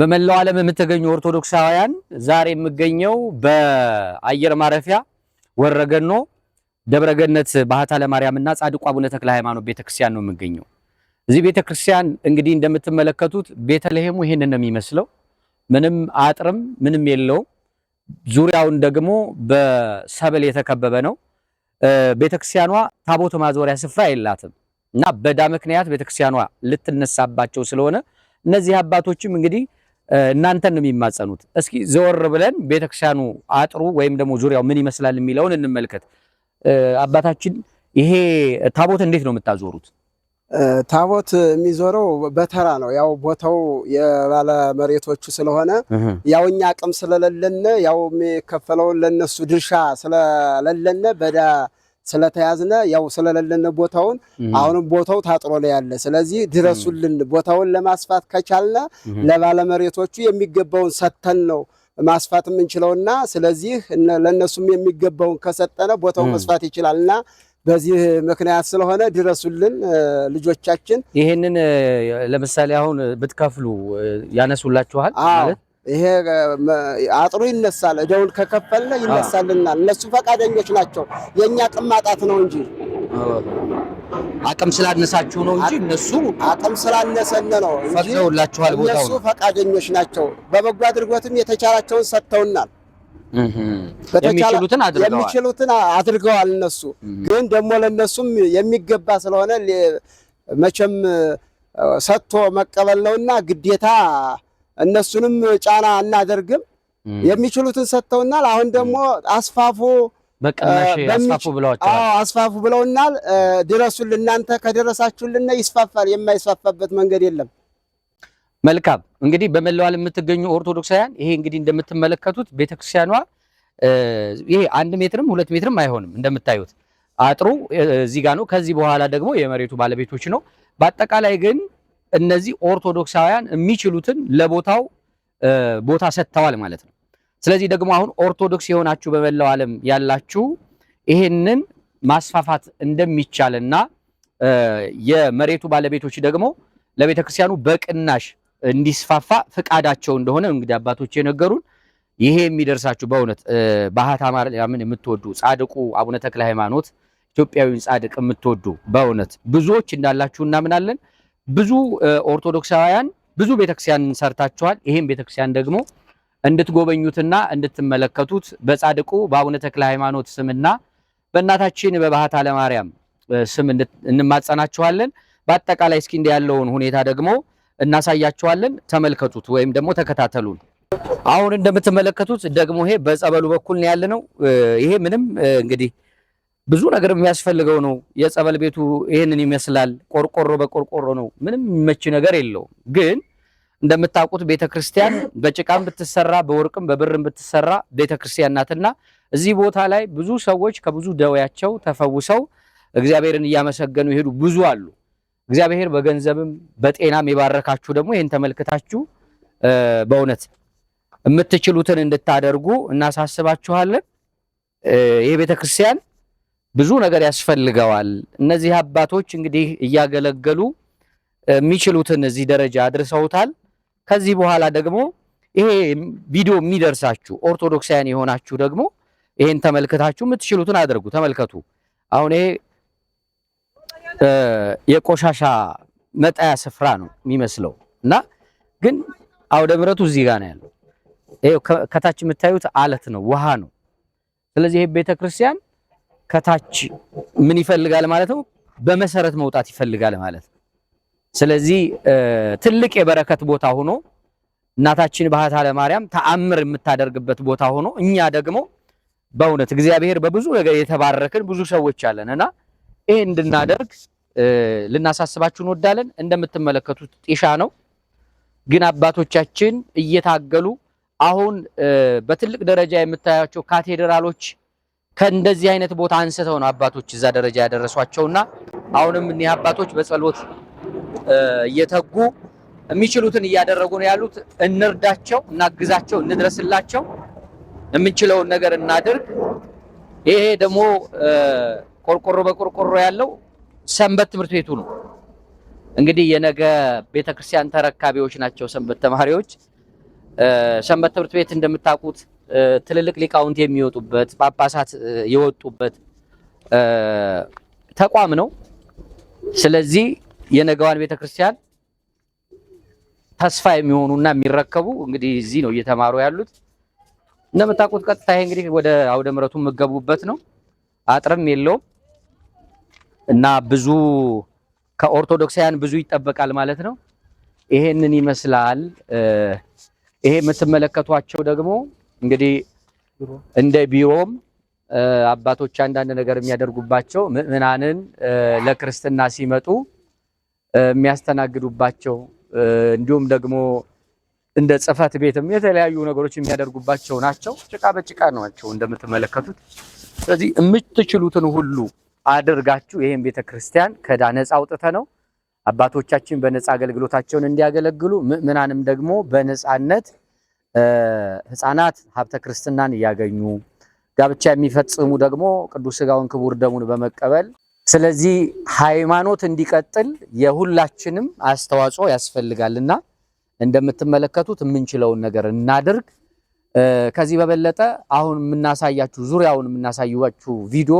በመላው ዓለም የምትገኙ ኦርቶዶክሳውያን ዛሬ የምገኘው በአየር ማረፊያ ወረገኖ ደብረገነት ባህታ እና ጻድቁ አቡነ ተክለ ሃይማኖት ቤተክርስቲያን ነው የምገኘው። እዚህ ቤተክርስቲያን እንግዲህ እንደምትመለከቱት ቤተልሔሙ ይሄንን ነው የሚመስለው። ምንም አጥርም ምንም የለውም። ዙሪያውን ደግሞ በሰብል የተከበበ ነው። ቤተክርስቲያኗ ታቦት ማዞሪያ ስፍራ የላትም እና በዳ ምክንያት ቤተክርስቲያኗ ልትነሳባቸው ስለሆነ እነዚህ አባቶችም እንግዲህ እናንተን ነው የሚማጸኑት። እስኪ ዘወር ብለን ቤተክርስቲያኑ አጥሩ ወይም ደግሞ ዙሪያው ምን ይመስላል የሚለውን እንመልከት። አባታችን ይሄ ታቦት እንዴት ነው የምታዞሩት? ታቦት የሚዞረው በተራ ነው። ያው ቦታው የባለ መሬቶቹ ስለሆነ ያው እኛ አቅም ስለሌለን ያው የሚከፈለውን ለነሱ ድርሻ ስለሌለን በዳ ስለተያዝነ ያው ስለሌለነ ቦታውን አሁንም ቦታው ታጥሮ ነው ያለ። ስለዚህ ድረሱልን። ቦታውን ለማስፋት ከቻልነ ለባለመሬቶቹ የሚገባውን ሰተን ነው ማስፋት የምንችለውና ስለዚህ ለእነሱም የሚገባውን ከሰጠነ ቦታው መስፋት ይችላልና በዚህ ምክንያት ስለሆነ ድረሱልን ልጆቻችን። ይህንን ለምሳሌ አሁን ብትከፍሉ ያነሱላችኋል ማለት ይሄ አጥሩ ይነሳል፣ እደውን ከከፈልነ ይነሳልናል። እነሱ ፈቃደኞች ናቸው። የእኛ አቅም ማጣት ነው እንጂ አቅም ስላነሳችሁ ነው እንጂ እነሱ አቅም ስላነሰነ ነው ፈቅደውላችኋል። እነሱ ፈቃደኞች ናቸው። በበጎ አድርጎትም የተቻላቸውን ሰጥተውናል። የሚችሉትን አድርገዋል። እነሱ ግን ደግሞ ለእነሱም የሚገባ ስለሆነ መቼም ሰጥቶ መቀበል ነውና ግዴታ እነሱንም ጫና አናደርግም። የሚችሉትን ሰጥተውናል። አሁን ደግሞ አስፋፉ አስፋፉ ብለውናል። ድረሱልን፣ እናንተ ከደረሳችሁልን ይስፋፋል። የማይስፋፋበት መንገድ የለም። መልካም እንግዲህ በመላው ዓለም የምትገኙ ኦርቶዶክሳውያን ይሄ እንግዲህ እንደምትመለከቱት ቤተክርስቲያኗ ይሄ አንድ ሜትርም ሁለት ሜትርም አይሆንም። እንደምታዩት አጥሩ እዚህ ጋር ነው። ከዚህ በኋላ ደግሞ የመሬቱ ባለቤቶች ነው። በአጠቃላይ ግን እነዚህ ኦርቶዶክሳውያን የሚችሉትን ለቦታው ቦታ ሰጥተዋል ማለት ነው። ስለዚህ ደግሞ አሁን ኦርቶዶክስ የሆናችሁ በመላው ዓለም ያላችሁ ይሄንን ማስፋፋት እንደሚቻልና የመሬቱ ባለቤቶች ደግሞ ለቤተክርስቲያኑ በቅናሽ እንዲስፋፋ ፈቃዳቸው እንደሆነ እንግዲህ አባቶች የነገሩን። ይሄ የሚደርሳችሁ በእውነት ባህታ ማርያምን የምትወዱ ጻድቁ አቡነ ተክለ ሃይማኖት ኢትዮጵያዊን ጻድቅ የምትወዱ በእውነት ብዙዎች እንዳላችሁ እናምናለን። ብዙ ኦርቶዶክሳውያን ብዙ ቤተክርስቲያን ሰርታችኋል። ይህም ቤተክርስቲያን ደግሞ እንድትጎበኙትና እንድትመለከቱት በጻድቁ በአቡነ ተክለ ሃይማኖት ስምና በእናታችን በባህታ ለማርያም ስም እንማጸናችኋለን። በአጠቃላይ እስኪ እንዲህ ያለውን ሁኔታ ደግሞ እናሳያችኋለን። ተመልከቱት ወይም ደግሞ ተከታተሉን። አሁን እንደምትመለከቱት ደግሞ ይሄ በጸበሉ በኩል ነው ያለ ነው። ይሄ ምንም እንግዲህ ብዙ ነገር የሚያስፈልገው ነው። የጸበል ቤቱ ይህንን ይመስላል። ቆርቆሮ በቆርቆሮ ነው። ምንም የሚመች ነገር የለውም። ግን እንደምታውቁት ቤተክርስቲያን በጭቃም ብትሰራ በወርቅም በብርም ብትሰራ ቤተክርስቲያን ናትና እዚህ ቦታ ላይ ብዙ ሰዎች ከብዙ ደውያቸው ተፈውሰው እግዚአብሔርን እያመሰገኑ ይሄዱ ብዙ አሉ። እግዚአብሔር በገንዘብም በጤናም የባረካችሁ ደግሞ ይህን ተመልክታችሁ በእውነት የምትችሉትን እንድታደርጉ እናሳስባችኋለን። ይህ ቤተክርስቲያን ብዙ ነገር ያስፈልገዋል። እነዚህ አባቶች እንግዲህ እያገለገሉ የሚችሉትን እዚህ ደረጃ አድርሰውታል። ከዚህ በኋላ ደግሞ ይሄ ቪዲዮ የሚደርሳችሁ ኦርቶዶክሳውያን የሆናችሁ ደግሞ ይሄን ተመልክታችሁ የምትችሉትን አድርጉ። ተመልከቱ። አሁን ይሄ የቆሻሻ መጣያ ስፍራ ነው የሚመስለው እና ግን አውደ ምረቱ እዚህ ጋር ነው ያለው። ከታች የምታዩት አለት ነው፣ ውሃ ነው። ስለዚህ ይሄ ቤተክርስቲያን ከታች ምን ይፈልጋል ማለት ነው? በመሰረት መውጣት ይፈልጋል ማለት ነው። ስለዚህ ትልቅ የበረከት ቦታ ሆኖ እናታችን ባህታ ለማርያም ተአምር የምታደርግበት ቦታ ሆኖ እኛ ደግሞ በእውነት እግዚአብሔር በብዙ ነገር የተባረክን ብዙ ሰዎች አለን እና እንድናደርግ ልናሳስባችሁ እንወዳለን። እንደምትመለከቱት ጢሻ ነው፣ ግን አባቶቻችን እየታገሉ አሁን በትልቅ ደረጃ የምታያቸው ካቴድራሎች ከእንደዚህ አይነት ቦታ አንስተው ነው አባቶች እዛ ደረጃ ያደረሷቸውና አሁንም እኒህ አባቶች በጸሎት እየተጉ የሚችሉትን እያደረጉ ነው ያሉት። እንርዳቸው፣ እናግዛቸው፣ እንድረስላቸው፣ የምንችለውን ነገር እናድርግ። ይሄ ደግሞ ቆርቆሮ በቆርቆሮ ያለው ሰንበት ትምህርት ቤቱ ነው። እንግዲህ የነገ ቤተክርስቲያን ተረካቢዎች ናቸው ሰንበት ተማሪዎች። ሰንበት ትምህርት ቤት እንደምታውቁት ትልልቅ ሊቃውንት የሚወጡበት ጳጳሳት የወጡበት ተቋም ነው። ስለዚህ የነገዋን ቤተክርስቲያን ተስፋ የሚሆኑና የሚረከቡ እንግዲህ እዚህ ነው እየተማሩ ያሉት። እንደምታውቁት ቀጥታ ይሄ እንግዲህ ወደ አውደ ምረቱ የምገቡበት ነው። አጥርም የለውም እና ብዙ ከኦርቶዶክሳውያን ብዙ ይጠበቃል ማለት ነው። ይሄንን ይመስላል። ይሄ የምትመለከቷቸው ደግሞ እንግዲህ እንደ ቢሮም አባቶች አንዳንድ ነገር የሚያደርጉባቸው ምዕመናንን ለክርስትና ሲመጡ የሚያስተናግዱባቸው እንዲሁም ደግሞ እንደ ጽህፈት ቤትም የተለያዩ ነገሮች የሚያደርጉባቸው ናቸው። ጭቃ በጭቃ ናቸው እንደምትመለከቱት። ስለዚህ የምትችሉትን ሁሉ አድርጋችሁ ይህም ቤተክርስቲያን ከዕዳ ነፃ አውጥተ ነው አባቶቻችን በነፃ አገልግሎታቸውን እንዲያገለግሉ ምዕመናንም ደግሞ በነፃነት ህፃናት ሀብተ ክርስትናን እያገኙ ጋብቻ የሚፈጽሙ ደግሞ ቅዱስ ስጋውን ክቡር ደሙን በመቀበል ስለዚህ ሃይማኖት እንዲቀጥል የሁላችንም አስተዋጽኦ ያስፈልጋልና እንደምትመለከቱት የምንችለውን ነገር እናድርግ። ከዚህ በበለጠ አሁን የምናሳያችሁ ዙሪያውን የምናሳያችሁ ቪዲዮ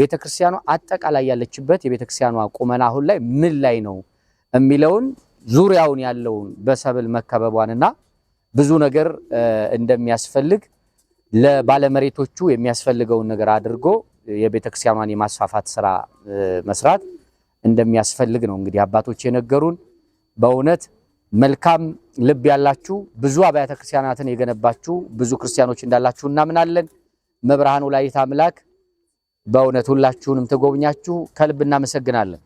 ቤተክርስቲያኗ አጠቃላይ ያለችበት የቤተክርስቲያኗ ቁመና አሁን ላይ ምን ላይ ነው የሚለውን ዙሪያውን ያለውን በሰብል መከበቧንና ብዙ ነገር እንደሚያስፈልግ ለባለመሬቶቹ የሚያስፈልገውን ነገር አድርጎ የቤተክርስቲያኗን የማስፋፋት ስራ መስራት እንደሚያስፈልግ ነው እንግዲህ አባቶች የነገሩን። በእውነት መልካም ልብ ያላችሁ ብዙ አብያተ ክርስቲያናትን የገነባችሁ ብዙ ክርስቲያኖች እንዳላችሁ እናምናለን። መብርሃን ወላዲተ አምላክ በእውነት ሁላችሁንም ትጎብኛችሁ። ከልብ እናመሰግናለን።